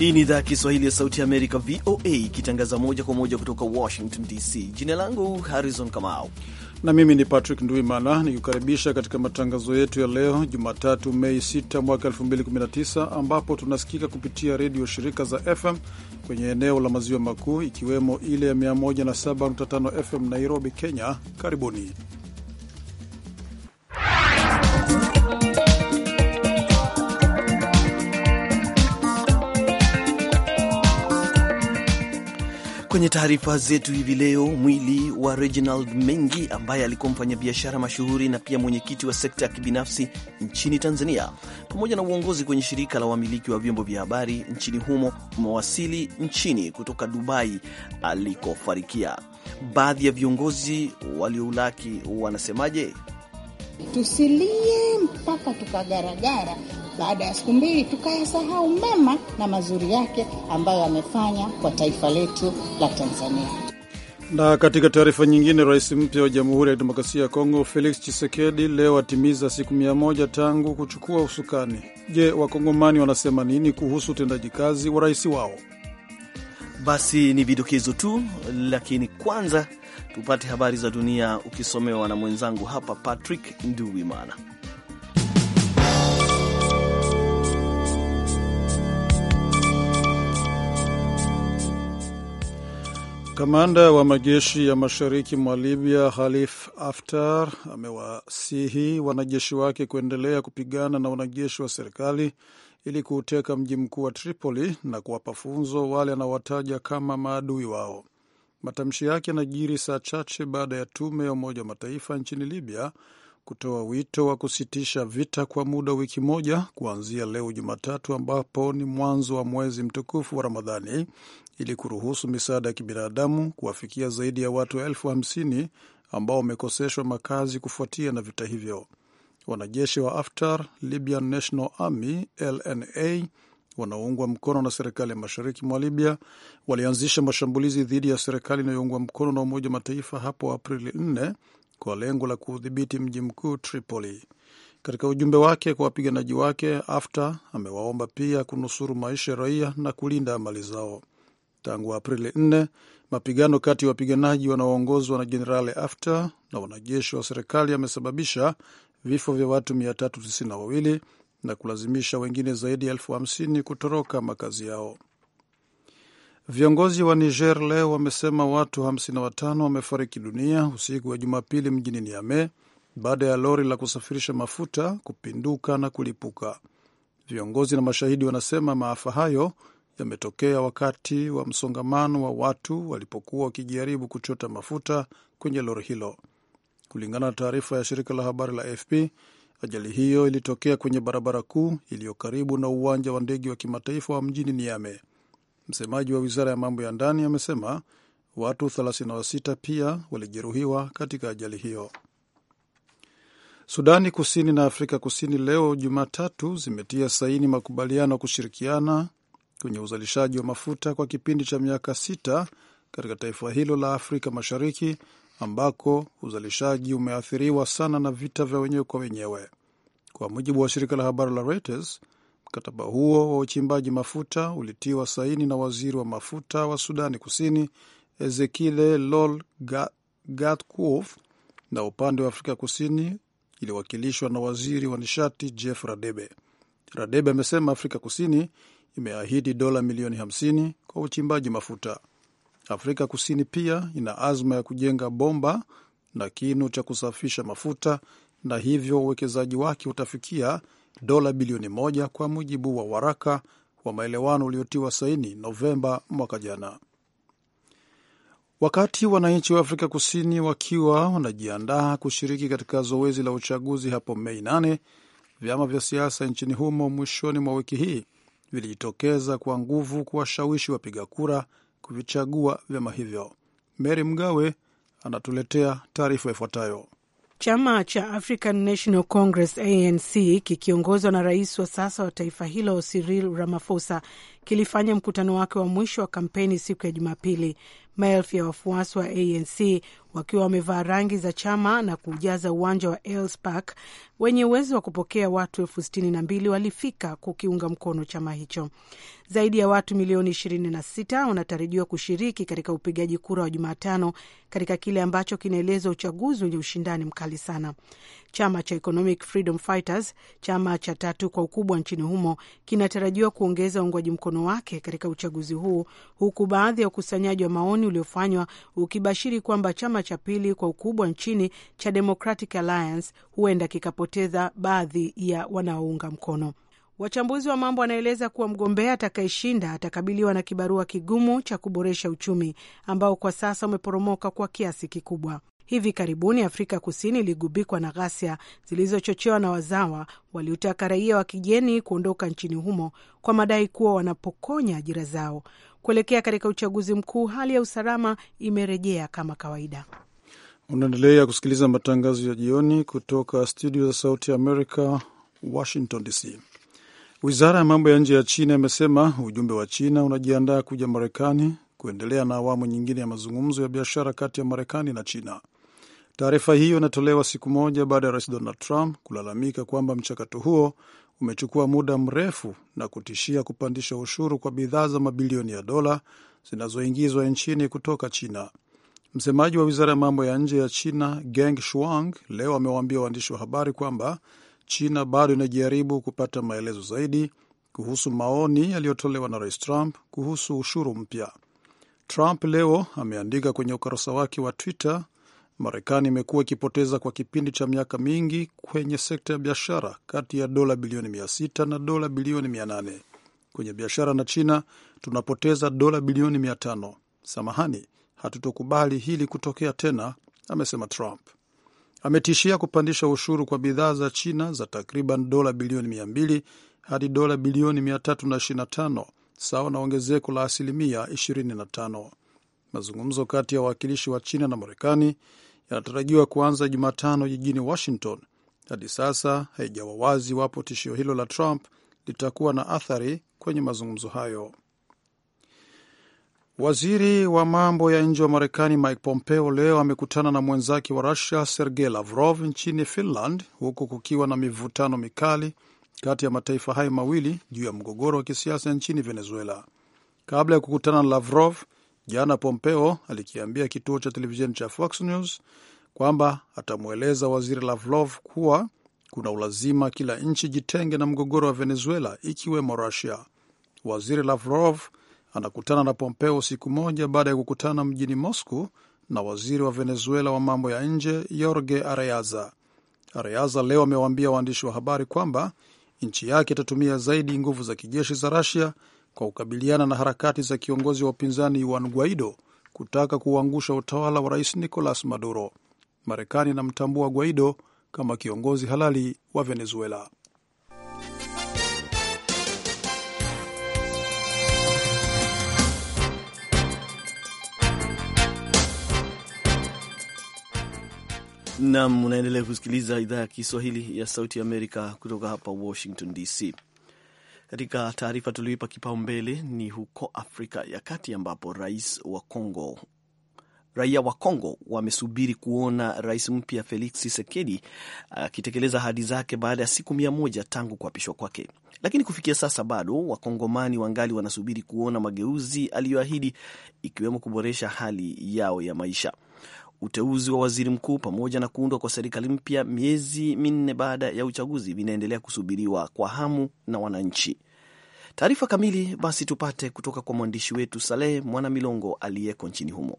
Hii ni idhaa ya Kiswahili ya Sauti ya Amerika, VOA, ikitangaza moja kwa moja kutoka Washington DC. Jina langu Harrison Kamau na mimi ni Patrick Nduimana nikikukaribisha katika matangazo yetu ya leo Jumatatu, Mei 6 mwaka 2019, ambapo tunasikika kupitia redio shirika za FM kwenye eneo la maziwa makuu, ikiwemo ile ya 107.5 FM Nairobi, Kenya. Karibuni. Kwenye taarifa zetu hivi leo, mwili wa Reginald Mengi ambaye alikuwa mfanyabiashara mashuhuri na pia mwenyekiti wa sekta ya kibinafsi nchini Tanzania, pamoja na uongozi kwenye shirika la wamiliki wa vyombo vya habari nchini humo, umewasili nchini kutoka Dubai alikofarikia. Baadhi ya viongozi walioulaki wanasemaje? Tusilie mpaka tukagaragara baada ya siku mbili, tukayasahau mema na mazuri yake ambayo amefanya kwa taifa letu la Tanzania. Na katika taarifa nyingine, rais mpya wa Jamhuri ya Kidemokrasia ya Kongo Felix Tshisekedi leo atimiza siku mia moja tangu kuchukua usukani. Je, wakongomani wanasema nini kuhusu utendaji kazi wa rais wao? Basi ni vidokezo tu, lakini kwanza tupate habari za dunia ukisomewa na mwenzangu hapa Patrick Nduwimana. Kamanda wa majeshi ya mashariki mwa Libya Khalif Haftar amewasihi wanajeshi wake kuendelea kupigana na wanajeshi wa serikali ili kuuteka mji mkuu wa Tripoli na kuwapa funzo wale anawataja kama maadui wao. Matamshi yake yanajiri saa chache baada ya tume ya Umoja wa Mataifa nchini Libya kutoa wito wa kusitisha vita kwa muda wiki moja kuanzia leo Jumatatu, ambapo ni mwanzo wa mwezi mtukufu wa Ramadhani, ili kuruhusu misaada ya kibinadamu kuwafikia zaidi ya watu elfu hamsini ambao wamekoseshwa makazi kufuatia na vita hivyo. Wanajeshi wa Haftar, Libyan National Army LNA, wanaoungwa mkono na serikali ya mashariki mwa Libya walianzisha mashambulizi dhidi ya serikali inayoungwa mkono na Umoja wa Mataifa hapo Aprili 4 kwa lengo la kuudhibiti mji mkuu Tripoli. Katika ujumbe wake kwa wapiganaji wake, Haftar amewaomba pia kunusuru maisha ya raia na kulinda mali zao. Tangu Aprili 4 mapigano kati ya wapiganaji wanaoongozwa na Jenerali Haftar na wanajeshi wa serikali yamesababisha vifo vya watu 392 na kulazimisha wengine zaidi ya elfu hamsini kutoroka makazi yao. Viongozi wa Niger leo wamesema watu 55 wamefariki dunia usiku wa Jumapili mjini Niamey baada ya lori la kusafirisha mafuta kupinduka na kulipuka. Viongozi na mashahidi wanasema maafa hayo yametokea wakati wa msongamano wa watu walipokuwa wakijaribu kuchota mafuta kwenye lori hilo. Kulingana na taarifa ya shirika la habari la AFP, ajali hiyo ilitokea kwenye barabara kuu iliyo karibu na uwanja wa ndege wa kimataifa wa mjini Niamey. Msemaji wa wizara ya mambo ya ndani amesema watu 36 pia walijeruhiwa katika ajali hiyo. Sudani Kusini na Afrika Kusini leo Jumatatu zimetia saini makubaliano ya kushirikiana kwenye uzalishaji wa mafuta kwa kipindi cha miaka sita katika taifa hilo la Afrika Mashariki ambako uzalishaji umeathiriwa sana na vita vya wenyewe kwa wenyewe. Kwa mujibu wa shirika la habari la Reuters, Mkataba huo wa uchimbaji mafuta ulitiwa saini na waziri wa mafuta wa Sudani Kusini Ezekiel Lol Gatkuoth na upande wa Afrika Kusini iliwakilishwa na waziri wa nishati Jeff Radebe. Radebe amesema Afrika Kusini imeahidi dola milioni 50 kwa uchimbaji mafuta. Afrika Kusini pia ina azma ya kujenga bomba na kinu cha kusafisha mafuta na hivyo uwekezaji wake utafikia dola bilioni moja kwa mujibu wa waraka wa maelewano uliotiwa saini Novemba mwaka jana. Wakati wananchi wa Afrika Kusini wakiwa wanajiandaa kushiriki katika zoezi la uchaguzi hapo Mei 8, vyama vya siasa nchini humo mwishoni mwa wiki hii vilijitokeza kwa nguvu kuwashawishi wapiga kura kuvichagua vyama hivyo. Mary Mgawe anatuletea taarifa ifuatayo. Chama cha African National Congress ANC kikiongozwa na rais wa sasa wa taifa hilo Cyril Ramaphosa kilifanya mkutano wake wa mwisho wa kampeni siku ya Jumapili. Maelfu ya wafuasi wa ANC wakiwa wamevaa rangi za chama na kuujaza uwanja wa Ellis Park wenye uwezo wa kupokea watu elfu sitini na mbili walifika kukiunga mkono chama hicho. Zaidi ya watu milioni sita wanatarajiwa kushiriki katika upigaji kura wa Jumatano katika kile ambacho kinaelezwa uchaguzi wenye ushindani mkali sana. Chama cha Economic Freedom Fighters, chama cha tatu kwa ukubwa nchini humo, kinatarajiwa kuongeza uungwaji mkono wake katika uchaguzi huu, huku baadhi ya ukusanyaji wa maoni uliofanywa ukibashiri kwamba chama chama cha pili kwa ukubwa nchini cha Democratic Alliance huenda kikapoteza baadhi ya wanaounga mkono. Wachambuzi wa mambo wanaeleza kuwa mgombea atakayeshinda atakabiliwa na kibarua kigumu cha kuboresha uchumi ambao kwa sasa umeporomoka kwa kiasi kikubwa. Hivi karibuni Afrika Kusini iligubikwa na ghasia zilizochochewa na wazawa waliotaka raia wa kigeni kuondoka nchini humo kwa madai kuwa wanapokonya ajira zao. Kuelekea katika uchaguzi mkuu, hali ya usalama imerejea kama kawaida. Unaendelea kusikiliza matangazo ya jioni kutoka studio za Sauti ya Amerika, Washington DC. Wizara ya mambo ya nje ya China imesema ujumbe wa China unajiandaa kuja Marekani kuendelea na awamu nyingine ya mazungumzo ya biashara kati ya Marekani na China. Taarifa hiyo inatolewa siku moja baada ya rais Donald Trump kulalamika kwamba mchakato huo umechukua muda mrefu na kutishia kupandisha ushuru kwa bidhaa za mabilioni ya dola zinazoingizwa nchini kutoka China. Msemaji wa wizara ya mambo ya nje ya China Geng Shuang leo amewaambia waandishi wa habari kwamba China bado inajaribu kupata maelezo zaidi kuhusu maoni yaliyotolewa na Rais Trump kuhusu ushuru mpya. Trump leo ameandika kwenye ukurasa wake wa Twitter Marekani imekuwa ikipoteza kwa kipindi cha miaka mingi kwenye sekta ya biashara kati ya dola bilioni sita na dola bilioni nane Kwenye biashara na China tunapoteza dola bilioni tano. Samahani, hatutokubali hili kutokea tena, amesema Trump. Ametishia kupandisha ushuru kwa bidhaa za China za takriban dola bilioni mbili hadi dola bilioni 325, sawa na ongezeko la asilimia 25. Mazungumzo kati ya wawakilishi wa China na Marekani yanatarajiwa kuanza Jumatano jijini Washington. Hadi sasa haijawa wazi iwapo tishio hilo la Trump litakuwa na athari kwenye mazungumzo hayo. Waziri wa mambo ya nje wa Marekani Mike Pompeo leo amekutana na mwenzake wa Rusia Sergei Lavrov nchini Finland, huku kukiwa na mivutano mikali kati ya mataifa hayo mawili juu ya mgogoro wa kisiasa nchini Venezuela. Kabla ya kukutana na Lavrov, Jana Pompeo alikiambia kituo cha televisheni cha Fox News kwamba atamweleza waziri Lavrov kuwa kuna ulazima kila nchi jitenge na mgogoro wa Venezuela, ikiwemo Rusia. Waziri Lavrov anakutana na Pompeo siku moja baada ya kukutana mjini Moscow na waziri wa Venezuela wa mambo ya nje Jorge Areaza. Areaza leo amewaambia waandishi wa habari kwamba nchi yake itatumia zaidi nguvu za kijeshi za Rusia kwa kukabiliana na harakati za kiongozi wa upinzani Juan Guaido kutaka kuuangusha utawala wa rais Nicolas Maduro. Marekani inamtambua Guaido kama kiongozi halali wa Venezuela. Nam, unaendelea kusikiliza idhaa ya Kiswahili ya Sauti ya Amerika kutoka hapa Washington DC. Katika taarifa tulioipa kipaumbele ni huko Afrika ya Kati ambapo rais wa Kongo raia wa Kongo wamesubiri kuona rais mpya Felix Tshisekedi akitekeleza uh, ahadi zake baada ya siku mia moja tangu kuapishwa kwake. Lakini kufikia sasa bado Wakongomani wangali wanasubiri kuona mageuzi aliyoahidi, ikiwemo kuboresha hali yao ya maisha. Uteuzi wa waziri mkuu pamoja na kuundwa kwa serikali mpya miezi minne baada ya uchaguzi vinaendelea kusubiriwa kwa hamu na wananchi. Taarifa kamili basi tupate kutoka kwa mwandishi wetu Saleh Mwana Milongo aliyeko nchini humo.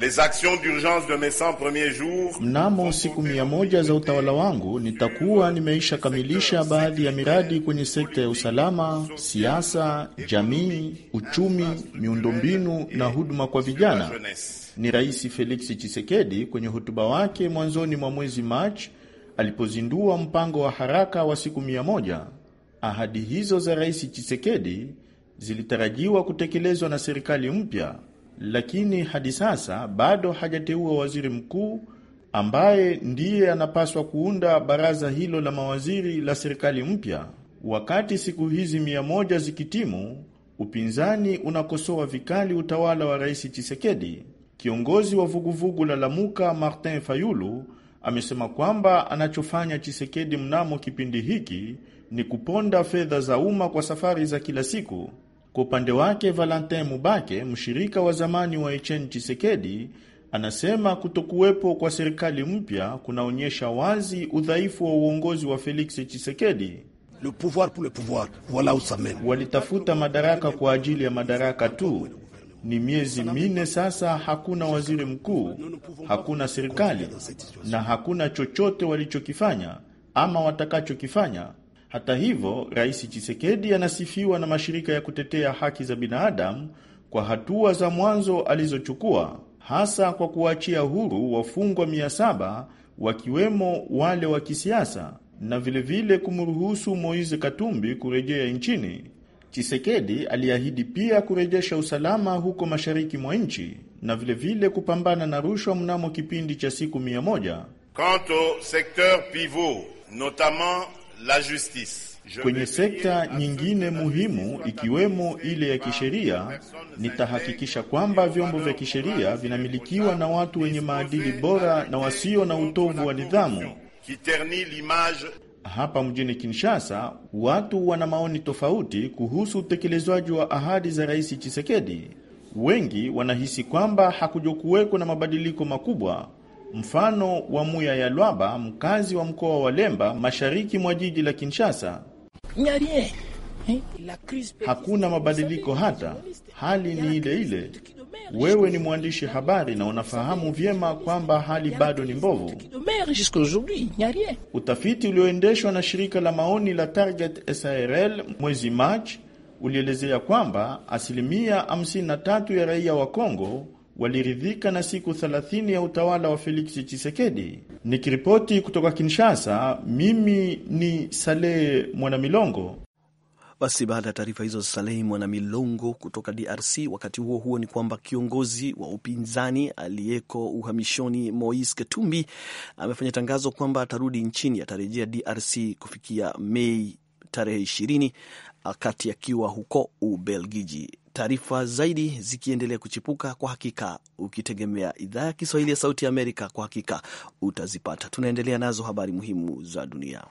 Les actions d'urgence de mes 100 premiers jours. Mnamo siku mia moja za utawala wangu nitakuwa nimeisha kamilisha baadhi ya miradi kwenye sekta ya usalama, siasa, jamii, uchumi, miundombinu na huduma kwa vijana. Ni Rais Felix Tshisekedi kwenye hotuba wake mwanzoni mwa mwezi Machi alipozindua mpango wa haraka wa siku mia moja. Ahadi hizo za Rais Tshisekedi zilitarajiwa kutekelezwa na serikali mpya lakini hadi sasa bado hajateua waziri mkuu ambaye ndiye anapaswa kuunda baraza hilo la mawaziri la serikali mpya. Wakati siku hizi mia moja zikitimu, upinzani unakosoa vikali utawala wa Rais Chisekedi. Kiongozi wa vuguvugu la Lamuka Martin Fayulu amesema kwamba anachofanya Chisekedi mnamo kipindi hiki ni kuponda fedha za umma kwa safari za kila siku kwa upande wake Valentin Mubake, mshirika wa zamani wa Etienne Tshisekedi, anasema kutokuwepo kwa serikali mpya kunaonyesha wazi udhaifu wa uongozi wa Felix Tshisekedi. Le pouvoir pour le pouvoir, voilà où ça mène. Walitafuta madaraka kwa ajili ya madaraka tu. Ni miezi minne sasa, hakuna waziri mkuu, hakuna serikali na hakuna chochote walichokifanya ama watakachokifanya. Hata hivyo, Rais Chisekedi anasifiwa na mashirika ya kutetea haki za binadamu kwa hatua za mwanzo alizochukua, hasa kwa kuwaachia huru wafungwa 700 wakiwemo wale wa kisiasa na vilevile kumruhusu Moise Katumbi kurejea nchini. Chisekedi aliahidi pia kurejesha usalama huko mashariki mwa nchi na vilevile vile kupambana na rushwa mnamo kipindi cha siku mia moja. Quant au secteur pivot notamment la justice. Kwenye sekta nyingine muhimu ikiwemo ile ya kisheria, nitahakikisha kwamba vyombo vya kisheria vinamilikiwa na watu wenye maadili bora na wasio na utovu wa nidhamu. Hapa mjini Kinshasa, watu wana maoni tofauti kuhusu utekelezwaji wa ahadi za Rais chisekedi Wengi wanahisi kwamba hakujokuweko na mabadiliko makubwa mfano wa Muya ya Lwaba, mkazi wa mkoa wa Lemba, mashariki mwa jiji la Kinshasa. Eh? Hakuna mabadiliko hata, hali ni ile ile. Wewe ni mwandishi habari na unafahamu vyema kwamba hali bado ni mbovu. Utafiti ulioendeshwa na shirika la maoni la Target SARL mwezi Machi ulielezea kwamba asilimia 53 ya raia wa Kongo waliridhika na siku 30 ya utawala wa Felix Chisekedi. Nikiripoti kutoka Kinshasa, mimi ni Saleh Mwanamilongo. Basi baada ya taarifa hizo Salehi Mwanamilongo kutoka DRC. Wakati huo huo, ni kwamba kiongozi wa upinzani aliyeko uhamishoni mois Katumbi amefanya tangazo kwamba atarudi nchini, atarejea DRC kufikia Mei tarehe ishirini, wakati akiwa huko Ubelgiji taarifa zaidi zikiendelea kuchipuka. Kwa hakika, ukitegemea idhaa ya Kiswahili ya Sauti ya Amerika, kwa hakika utazipata. Tunaendelea nazo habari muhimu za dunia.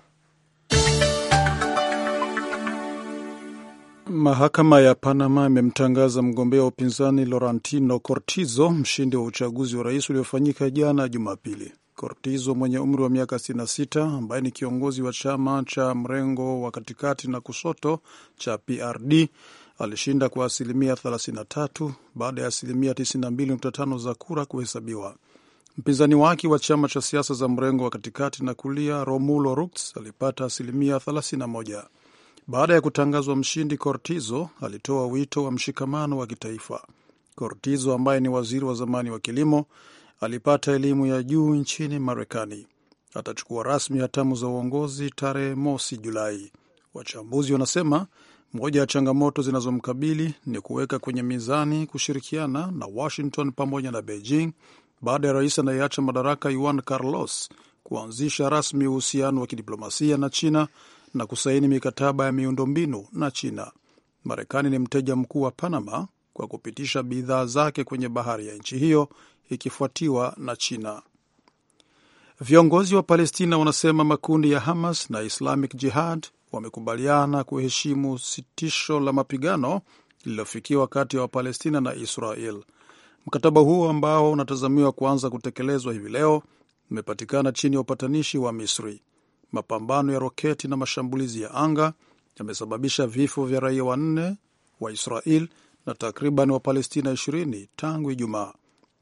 Mahakama ya Panama imemtangaza mgombea wa upinzani Laurentino Cortizo mshindi wa uchaguzi wa rais uliofanyika jana Jumapili. Cortizo mwenye umri wa miaka 66 ambaye ni kiongozi wa chama cha mrengo wa katikati na kushoto cha PRD alishinda kwa asilimia 33 baada ya asilimia 92.5 za kura kuhesabiwa. Mpinzani wake wa chama cha siasa za mrengo wa katikati na kulia Romulo Rux alipata asilimia 31. Baada ya kutangazwa mshindi, Cortizo alitoa wito wa mshikamano wa kitaifa. Cortizo ambaye ni waziri wa zamani wa kilimo alipata elimu ya juu nchini Marekani. Atachukua rasmi hatamu za uongozi tarehe mosi Julai. Wachambuzi wanasema moja ya changamoto zinazomkabili ni kuweka kwenye mizani kushirikiana na Washington pamoja na Beijing baada ya rais anayeacha madaraka Juan Carlos kuanzisha rasmi uhusiano wa kidiplomasia na China na kusaini mikataba ya miundombinu na China. Marekani ni mteja mkuu wa Panama kwa kupitisha bidhaa zake kwenye bahari ya nchi hiyo ikifuatiwa na China. Viongozi wa Palestina wanasema makundi ya Hamas na Islamic Jihad wamekubaliana kuheshimu sitisho la mapigano lililofikiwa kati ya Wapalestina na Israel. Mkataba huo ambao unatazamiwa kuanza kutekelezwa hivi leo umepatikana chini ya upatanishi wa Misri. Mapambano ya roketi na mashambulizi ya anga yamesababisha vifo vya raia wanne wa Israel na takriban Wapalestina 20 tangu Ijumaa.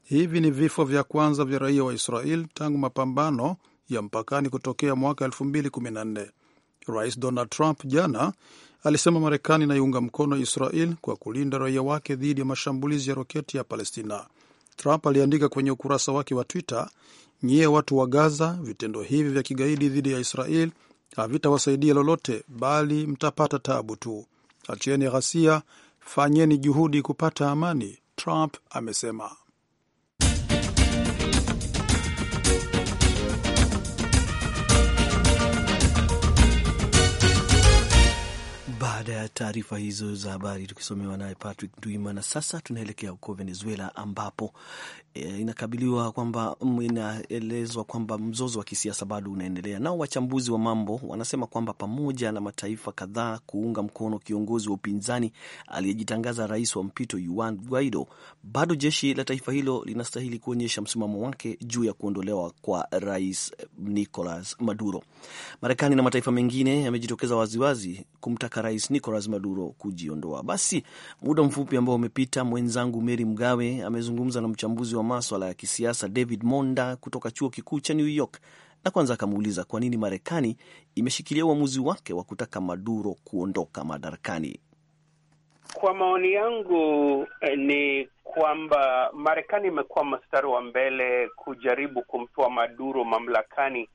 Hivi ni vifo vya kwanza vya raia wa Israel tangu mapambano ya mpakani kutokea mwaka 2014. Rais Donald Trump jana alisema Marekani inaiunga mkono Israel kwa kulinda raia wake dhidi ya mashambulizi ya roketi ya Palestina. Trump aliandika kwenye ukurasa wake wa Twitter, nyie watu wa Gaza, vitendo hivi vya kigaidi dhidi ya Israel havitawasaidia lolote, bali mtapata taabu tu. Acheni ghasia, fanyeni juhudi kupata amani, Trump amesema. Baada ya taarifa hizo za habari tukisomewa naye Patrick Duima. Na sasa tunaelekea huko Venezuela ambapo e, inakabiliwa kwamba inaelezwa kwamba mzozo wa kisiasa bado unaendelea, nao wachambuzi wa mambo wanasema kwamba pamoja na mataifa kadhaa kuunga mkono kiongozi wa upinzani aliyejitangaza rais wa mpito Juan Guaido, bado jeshi la taifa hilo linastahili kuonyesha msimamo wake juu ya kuondolewa kwa rais Nicolas Maduro. Marekani na mataifa mengine yamejitokeza waziwazi kumtaka rais Nicolas Maduro kujiondoa. Basi muda mfupi ambao umepita, mwenzangu Mary Mgawe amezungumza na mchambuzi wa maswala ya kisiasa David Monda kutoka chuo kikuu cha New York, na kwanza akamuuliza kwa nini Marekani imeshikilia uamuzi wake wa kutaka Maduro kuondoka madarakani. Kwa maoni yangu eh, ni kwamba Marekani imekuwa mstari wa mbele kujaribu kumtoa Maduro mamlakani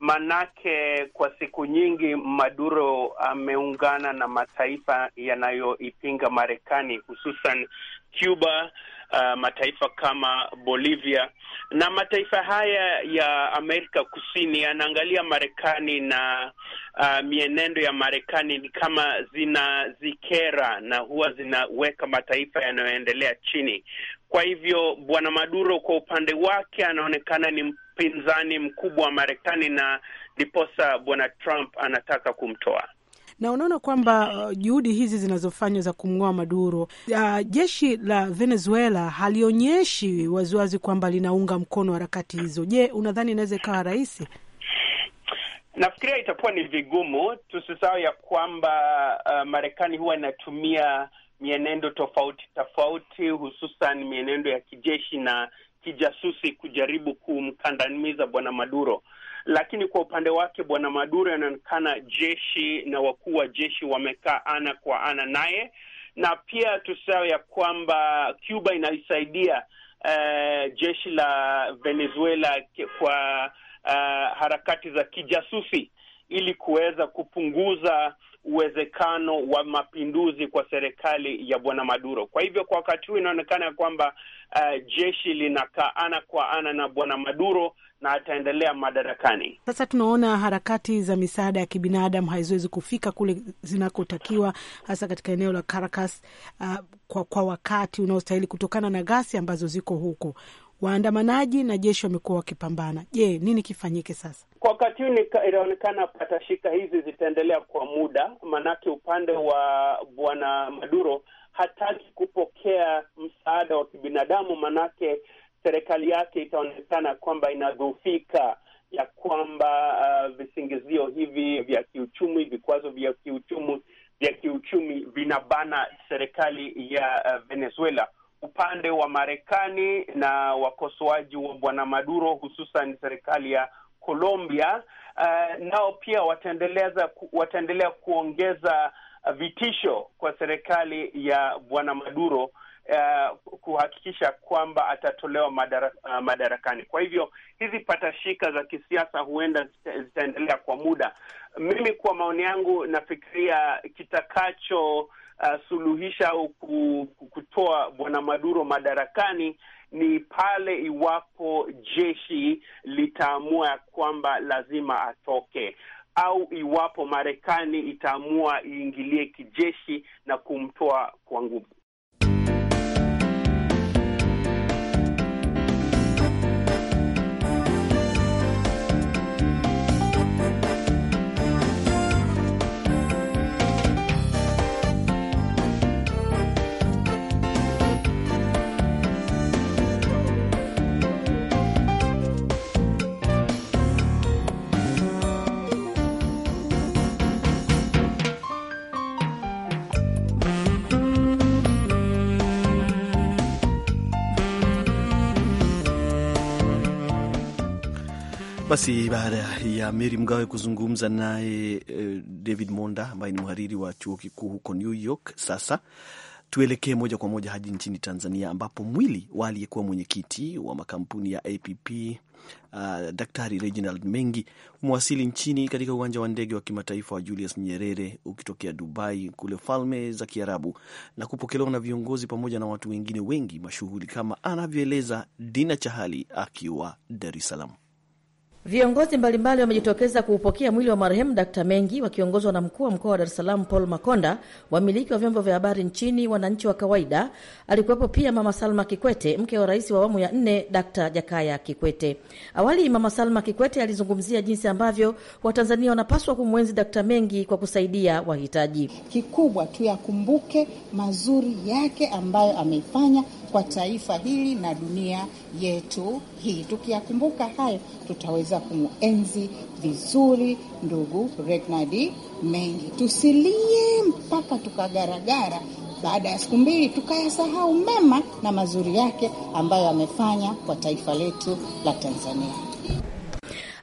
Manake kwa siku nyingi Maduro ameungana na mataifa yanayoipinga Marekani, hususan Cuba, uh, mataifa kama Bolivia na mataifa haya ya Amerika Kusini yanaangalia Marekani na uh, mienendo ya Marekani ni kama zinazikera na huwa zinaweka mataifa yanayoendelea chini. Kwa hivyo Bwana Maduro kwa upande wake anaonekana ni mpinzani mkubwa wa Marekani na ndiposa Bwana Trump anataka kumtoa na unaona kwamba uh, juhudi hizi zinazofanywa za kumng'oa Maduro, uh, jeshi la Venezuela halionyeshi waziwazi kwamba linaunga mkono harakati hizo. Je, unadhani inaweza ikawa rahisi? Nafikiria itakuwa ni vigumu. Tusisahau ya kwamba uh, Marekani huwa inatumia mienendo tofauti tofauti, hususan mienendo ya kijeshi na kijasusi kujaribu kumkandamiza bwana Maduro. Lakini kwa upande wake bwana Maduro anaonekana jeshi na wakuu wa jeshi wamekaa ana kwa ana naye, na pia tusahau ya kwamba Cuba inaisaidia uh, jeshi la Venezuela kwa uh, harakati za kijasusi ili kuweza kupunguza uwezekano wa mapinduzi kwa serikali ya bwana Maduro. Kwa hivyo kwa wakati huu inaonekana ya kwamba uh, jeshi linakaa ana kwa ana na bwana Maduro na ataendelea madarakani. Sasa tunaona harakati za misaada ya kibinadamu haziwezi kufika kule zinakotakiwa, hasa katika eneo la Caracas uh, kwa, kwa wakati unaostahili kutokana na ghasia ambazo ziko huko waandamanaji na jeshi wamekuwa wakipambana. Je, nini kifanyike sasa? Kwa wakati huu inaonekana patashika hizi zitaendelea kwa muda, maanake upande wa bwana Maduro hataki kupokea msaada wa kibinadamu, maanake serikali yake itaonekana kwamba inadhoofika, ya kwamba uh, visingizio hivi vya kiuchumi, vikwazo vya kiuchumi vya kiuchumi vinabana serikali ya uh, Venezuela upande wa Marekani na wakosoaji wa bwana Maduro, hususan serikali ya Colombia, uh, nao pia wataendeleza wataendelea kuongeza vitisho kwa serikali ya bwana Maduro uh, kuhakikisha kwamba atatolewa madara, uh, madarakani. Kwa hivyo hizi patashika za kisiasa huenda zitaendelea kwa muda. Mimi kwa maoni yangu nafikiria kitakacho Uh, suluhisha au kutoa bwana Maduro madarakani ni pale iwapo jeshi litaamua ya kwamba lazima atoke au iwapo Marekani itaamua iingilie kijeshi na kumtoa kwa nguvu. Basi baada ya Meri Mgawe kuzungumza naye eh, David Monda ambaye ni mhariri wa chuo kikuu huko New York, sasa tuelekee moja kwa moja hadi nchini Tanzania ambapo mwili wa aliyekuwa mwenyekiti wa makampuni ya APP uh, ah, Daktari Reginald Mengi umewasili nchini katika uwanja wa ndege wa kimataifa wa Julius Nyerere ukitokea Dubai kule Falme za Kiarabu na kupokelewa na viongozi pamoja na watu wengine wengi mashuhuri kama anavyoeleza Dina Chahali akiwa Dar es Salaam. Viongozi mbalimbali wamejitokeza kuupokea mwili wa marehemu Dakta Mengi wakiongozwa na mkuu wa mkoa wa Dar es Salaam Paul Makonda, wamiliki wa vyombo vya habari nchini, wananchi wa kawaida. Alikuwepo pia Mama Salma Kikwete, mke wa rais wa awamu ya nne Dakta Jakaya Kikwete. Awali Mama Salma Kikwete alizungumzia jinsi ambavyo Watanzania wanapaswa kumwenzi Dakta Mengi kwa kusaidia wahitaji. Kikubwa tuyakumbuke mazuri yake ambayo ameifanya kwa taifa hili na dunia yetu hii. Tukiyakumbuka hayo, tutaweza kumuenzi vizuri ndugu Regnadi Mengi. Tusilie mpaka tukagaragara baada ya siku mbili tukayasahau mema na mazuri yake ambayo amefanya kwa taifa letu la Tanzania.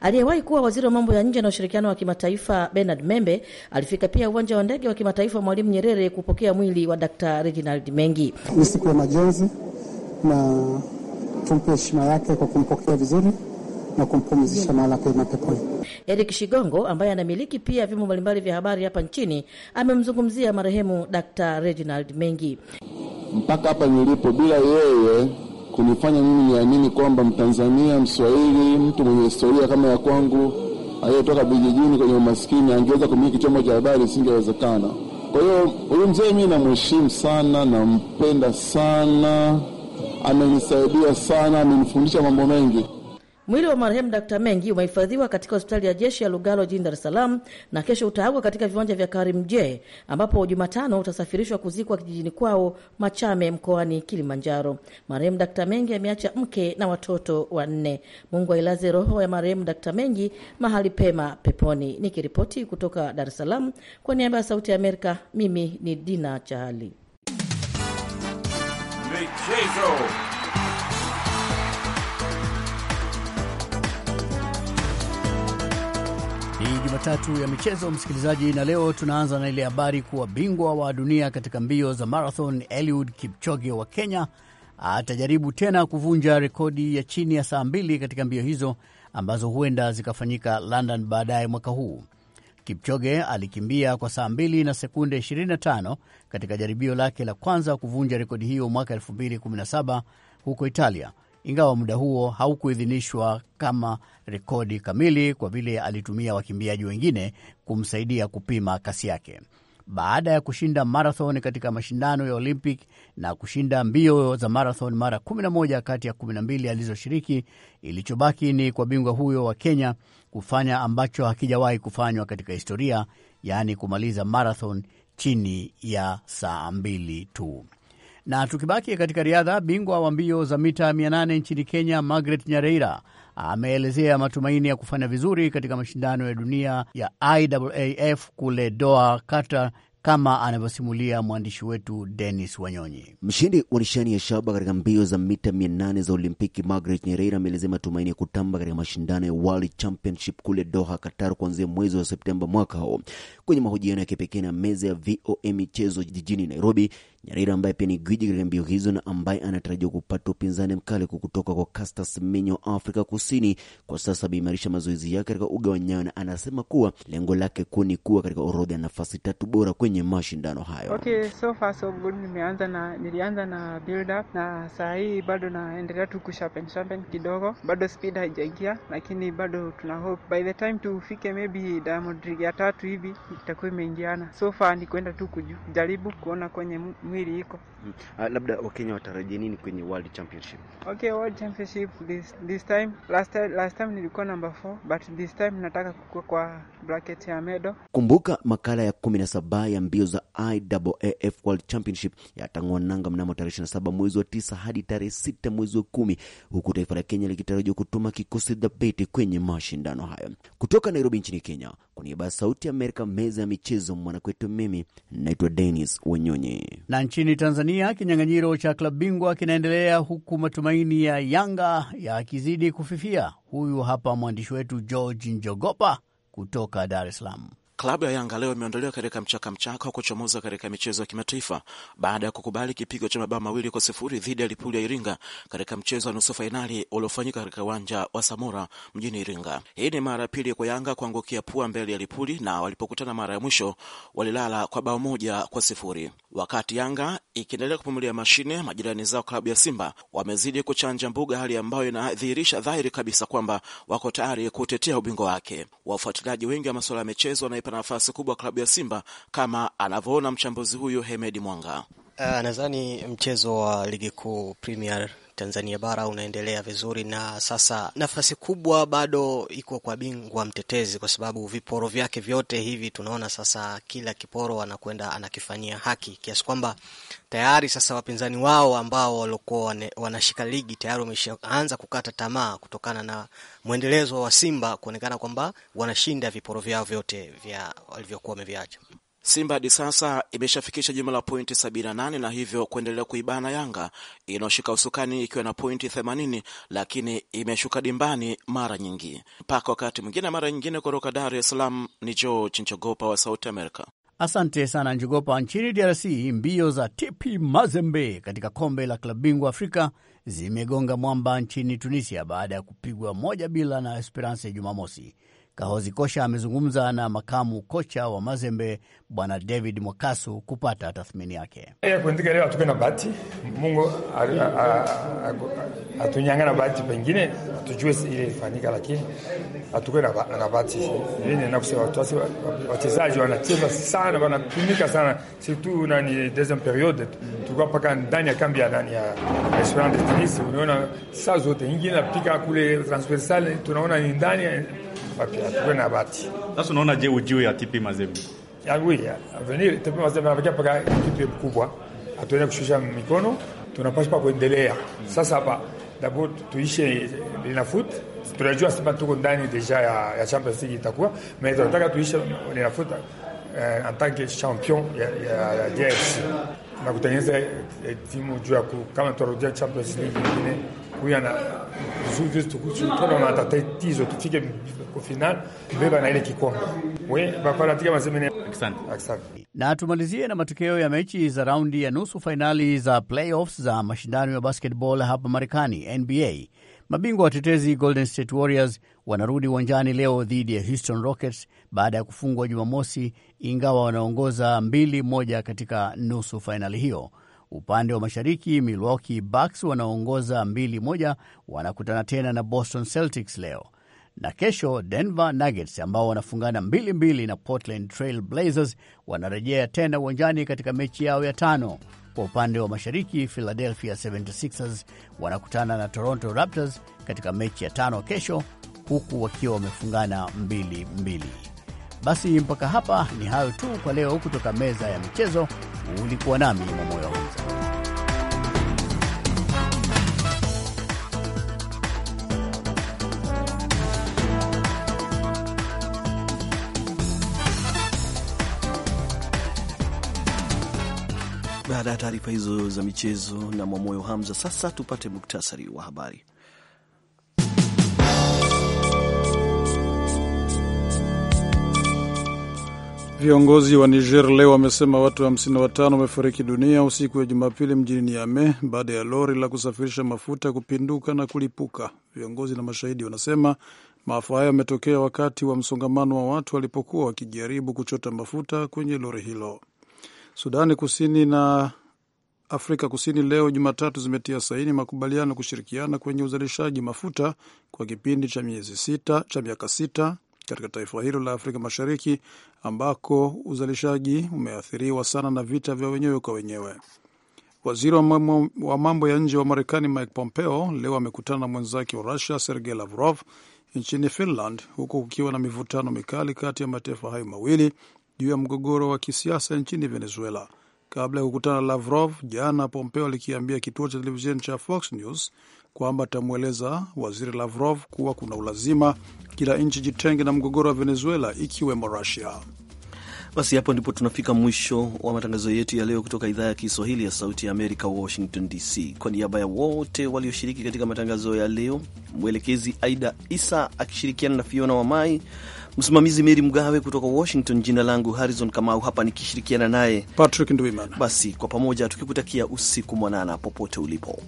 Aliyewahi kuwa waziri wa mambo ya nje na ushirikiano wa kimataifa Bernard Membe alifika pia uwanja wa ndege wa kimataifa wa Mwalimu Nyerere kupokea mwili wa dkt Reginald Mengi. Ni siku ya majonzi na tumpe heshima yake kwa kumpokea vizuri na kumpumzisha mahala pema peponi. Eric Shigongo ambaye anamiliki pia vyombo mbalimbali vya habari hapa nchini amemzungumzia marehemu Dr. Reginald Mengi. Mpaka hapa nilipo bila yeye kunifanya mimi niamini kwamba Mtanzania, Mswahili, mtu mwenye historia kama ya kwangu aliyetoka vijijini kwenye umaskini angeweza kumiliki chombo cha habari, isingewezekana. Kwa hiyo huyu mzee mimi namheshimu sana, nampenda sana, amenisaidia sana, amenifundisha mambo mengi. Mwili wa marehemu Dkt Mengi umehifadhiwa katika hospitali ya jeshi ya Lugalo jijini Dar es Salaam na kesho utaagwa katika viwanja vya Karimjee ambapo Jumatano utasafirishwa kuzikwa kijijini kwao Machame mkoani Kilimanjaro. Marehemu Dkt Mengi ameacha mke na watoto wanne. Mungu ailaze roho ya marehemu Dkt Mengi mahali pema peponi. Nikiripoti kutoka Dar es Salaam kwa niaba ya Sauti ya Amerika, mimi ni Dina Chahali. Michezo. tatu ya michezo, msikilizaji, na leo tunaanza na ile habari kuwa bingwa wa dunia katika mbio za marathon Eliud Kipchoge wa Kenya atajaribu tena kuvunja rekodi ya chini ya saa mbili katika mbio hizo ambazo huenda zikafanyika London baadaye mwaka huu. Kipchoge alikimbia kwa saa 2 na sekunde 25 katika jaribio lake la kwanza kuvunja rekodi hiyo mwaka 2017 huko Italia, ingawa muda huo haukuidhinishwa kama rekodi kamili kwa vile alitumia wakimbiaji wengine kumsaidia kupima kasi yake. Baada ya kushinda marathon katika mashindano ya Olympic na kushinda mbio za marathon mara 11 kati ya 12 alizoshiriki, ilichobaki ni kwa bingwa huyo wa Kenya kufanya ambacho hakijawahi kufanywa katika historia, yaani kumaliza marathon chini ya saa mbili tu. Na tukibaki katika riadha, bingwa wa mbio za mita 800 nchini Kenya Margaret Nyareira ameelezea matumaini ya kufanya vizuri katika mashindano ya dunia ya IAAF kule Doha, Qatar kama anavyosimulia mwandishi wetu Denis Wanyonyi. Mshindi wa nishani ya shaba katika mbio za mita 800 za Olimpiki, Margaret Nyereira ameelezea matumaini ya kutamba katika mashindano ya World Championship kule Doha, Qatar, kuanzia mwezi wa Septemba mwaka huu. Kwenye mahojiano ya kipekee na meza ya VOA michezo jijini Nairobi, Nyarira ambaye pia ni gwiji katika mbio hizo na ambaye anatarajiwa kupata upinzani mkali kutoka kwa Caster Semenya wa Afrika Kusini, kwa sasa ameimarisha mazoezi yake katika uga wa nyayo na anasema kuwa lengo lake kuu ni kuwa katika orodha ya nafasi tatu bora kwenye mashindano hayo. Okay, so far so good. Nimeanza na nilianza na build up na saa hii bado naendelea tu kushapen shapen kidogo, bado speed haijaingia, lakini bado tuna hope by the time tufike maybe Diamond League ya tatu hivi itakuwa imeingiana. So far ni kwenda tu kujaribu kuona kwenye mwili iko mm. Uh, labda Wakenya watarajie nini kwenye World Championship? Okay, World Championship this, this time last time last time nilikuwa number 4 but this time nataka kukua kwa bracket ya medal. Kumbuka makala ya 17 ya mbio za IAAF World Championship yatang'oa nanga mnamo tarehe 27 mwezi wa tisa hadi tarehe sita mwezi wa kumi huku taifa la Kenya likitarajiwa kutuma kikosi dhabiti kwenye mashindano hayo. Kutoka Nairobi nchini Kenya. Kwa niaba ya Sauti ya Amerika, meza ya michezo, mwanakwetu, mimi naitwa Denis Wanyonyi. Na nchini Tanzania, kinyang'anyiro cha klabu bingwa kinaendelea huku matumaini ya Yanga yakizidi kufifia. Huyu hapa mwandishi wetu George Njogopa kutoka Dar es Salaam. Klabu ya Yanga leo imeondolewa katika mchakamchaka wa kuchomoza katika michezo ya kimataifa baada ya kukubali kipigo cha mabao mawili kwa sifuri dhidi ya Lipuli ya Iringa katika mchezo wa nusu fainali uliofanyika katika uwanja wa Samora mjini Iringa. Hii ni mara ya pili kwa Yanga kuangukia pua mbele ya Lipuli, na walipokutana mara ya mwisho walilala kwa bao moja kwa sifuri. Wakati Yanga ikiendelea kupumulia mashine, majirani zao klabu ya Simba wamezidi kuchanja mbuga, hali ambayo inadhihirisha dhahiri kabisa kwamba wako tayari kutetea ubingwa wake. Wafuatiliaji wengi wa masuala ya michezo wanaipa nafasi kubwa klabu ya Simba kama anavyoona mchambuzi huyu Hemedi Mwanga. Uh, nadhani mchezo wa ligi kuu Premier Tanzania bara unaendelea vizuri, na sasa nafasi kubwa bado iko kwa bingwa mtetezi, kwa sababu viporo vyake vyote hivi tunaona sasa kila kiporo anakwenda anakifanyia haki, kiasi kwamba tayari sasa wapinzani wao ambao walikuwa wanashika ligi tayari wameshaanza kukata tamaa kutokana na mwendelezo wa Simba kuonekana kwamba wanashinda viporo vyao vyote vya walivyokuwa wameviacha. Simba hadi sasa imeshafikisha jumla ya pointi 78 na hivyo kuendelea kuibana Yanga inayoshika usukani ikiwa na pointi 80, lakini imeshuka dimbani mara nyingi. Mpaka wakati mwingine, mara nyingine. Kutoka Dar es Salaam ni George Njogopa wa Sauti Amerika. Asante sana Njogopa. Nchini DRC, mbio za TP Mazembe katika kombe la klabu bingwa Afrika zimegonga mwamba nchini Tunisia baada ya kupigwa moja bila na Esperance Jumamosi. Kahozi Kosha amezungumza na makamu kocha wa Mazembe Bwana David Mwakasu kupata tathmini yake. Eh, kuandika leo hatukuwa na bahati, Mungu atunyanga na bahati, pengine tujue ile ilifanyika, lakini hatuke na bahati. Wachezaji wanacheza sana, wanatumika sana, surtout nani deuxieme periode, tulikuwa mpaka ndani ya kambi ya nani ya de Tunis. Unaona saa zote ingine napika kule transversal, tunaona ni ndani mapya tuwe na bahati. Sasa unaona, je, ujio ya TP Mazembe TP Mazembe anapakia mpaka kipi mkubwa, hatuenda kushusha mikono, tunapashwa kuendelea sasa hapa dabo tuishe linafut tunajua sema tuko ndani deja ya, ya Champions League itakuwa mais tunataka tuishe linafut eh, en tant que champion ya, ya, ya, ya, na kutengeneza eh, timu juu ya kama tutarudia Champions League nyingine, huyu ana zuzu na tatizo tufike kwa final beba na ile kikombe we bafala tika masemene. Asante, asante. Na tumalizie na matokeo ya mechi za raundi ya nusu fainali za playoffs za mashindano ya basketball hapa Marekani, NBA. Mabingwa watetezi Golden State Warriors wanarudi uwanjani leo dhidi ya Houston Rockets baada ya kufungwa Jumamosi, ingawa wanaongoza mbili moja katika nusu fainali hiyo. Upande wa mashariki, Milwaukee Bucks wanaongoza mbili moja wanakutana tena na Boston Celtics leo na kesho Denver Nuggets ambao wanafungana mbili mbili na Portland Trail Blazers wanarejea tena uwanjani katika mechi yao ya tano. Kwa upande wa mashariki, Philadelphia 76ers wanakutana na Toronto Raptors katika mechi ya tano kesho, huku wakiwa wamefungana mbili mbili. Basi mpaka hapa ni hayo tu kwa leo kutoka meza ya michezo. Ulikuwa nami Mwamoyo Hamza. Baada ya taarifa hizo za michezo na Mwamoyo Hamza, sasa tupate muktasari wa habari. Viongozi wa Niger leo wamesema watu 55 wamefariki dunia usiku ya Jumapili mjini Niamey baada ya lori la kusafirisha mafuta kupinduka na kulipuka. Viongozi na mashahidi wanasema maafa hayo yametokea wakati wa msongamano wa watu walipokuwa wakijaribu kuchota mafuta kwenye lori hilo. Sudani Kusini na Afrika Kusini leo Jumatatu zimetia saini makubaliano kushirikiana kwenye uzalishaji mafuta kwa kipindi cha miezi sita cha miaka sita katika taifa hilo la Afrika Mashariki ambako uzalishaji umeathiriwa sana na vita vya wenyewe kwa wenyewe. Waziri wa mambo ya nje wa Marekani Mike Pompeo leo amekutana na mwenzake wa Rusia Sergei Lavrov nchini Finland, huku kukiwa na mivutano mikali kati ya mataifa hayo mawili juu ya mgogoro wa kisiasa nchini Venezuela. Kabla ya kukutana Lavrov jana, Pompeo alikiambia kituo cha televisheni cha Fox News kwamba atamweleza waziri Lavrov kuwa kuna ulazima kila nchi jitenge na mgogoro wa Venezuela ikiwemo Rusia. Basi hapo ndipo tunafika mwisho wa matangazo yetu ya leo kutoka idhaa ya Kiswahili ya Sauti ya Amerika, Washington DC. Kwa niaba ya wote walioshiriki katika matangazo ya leo, mwelekezi Aida Isa akishirikiana na Fiona wa mai msimamizi Meri Mgawe kutoka Washington. Jina langu Harrison Kamau, hapa nikishirikiana naye Patrick Ndwimana. Basi kwa pamoja tukikutakia usiku mwanana popote ulipo.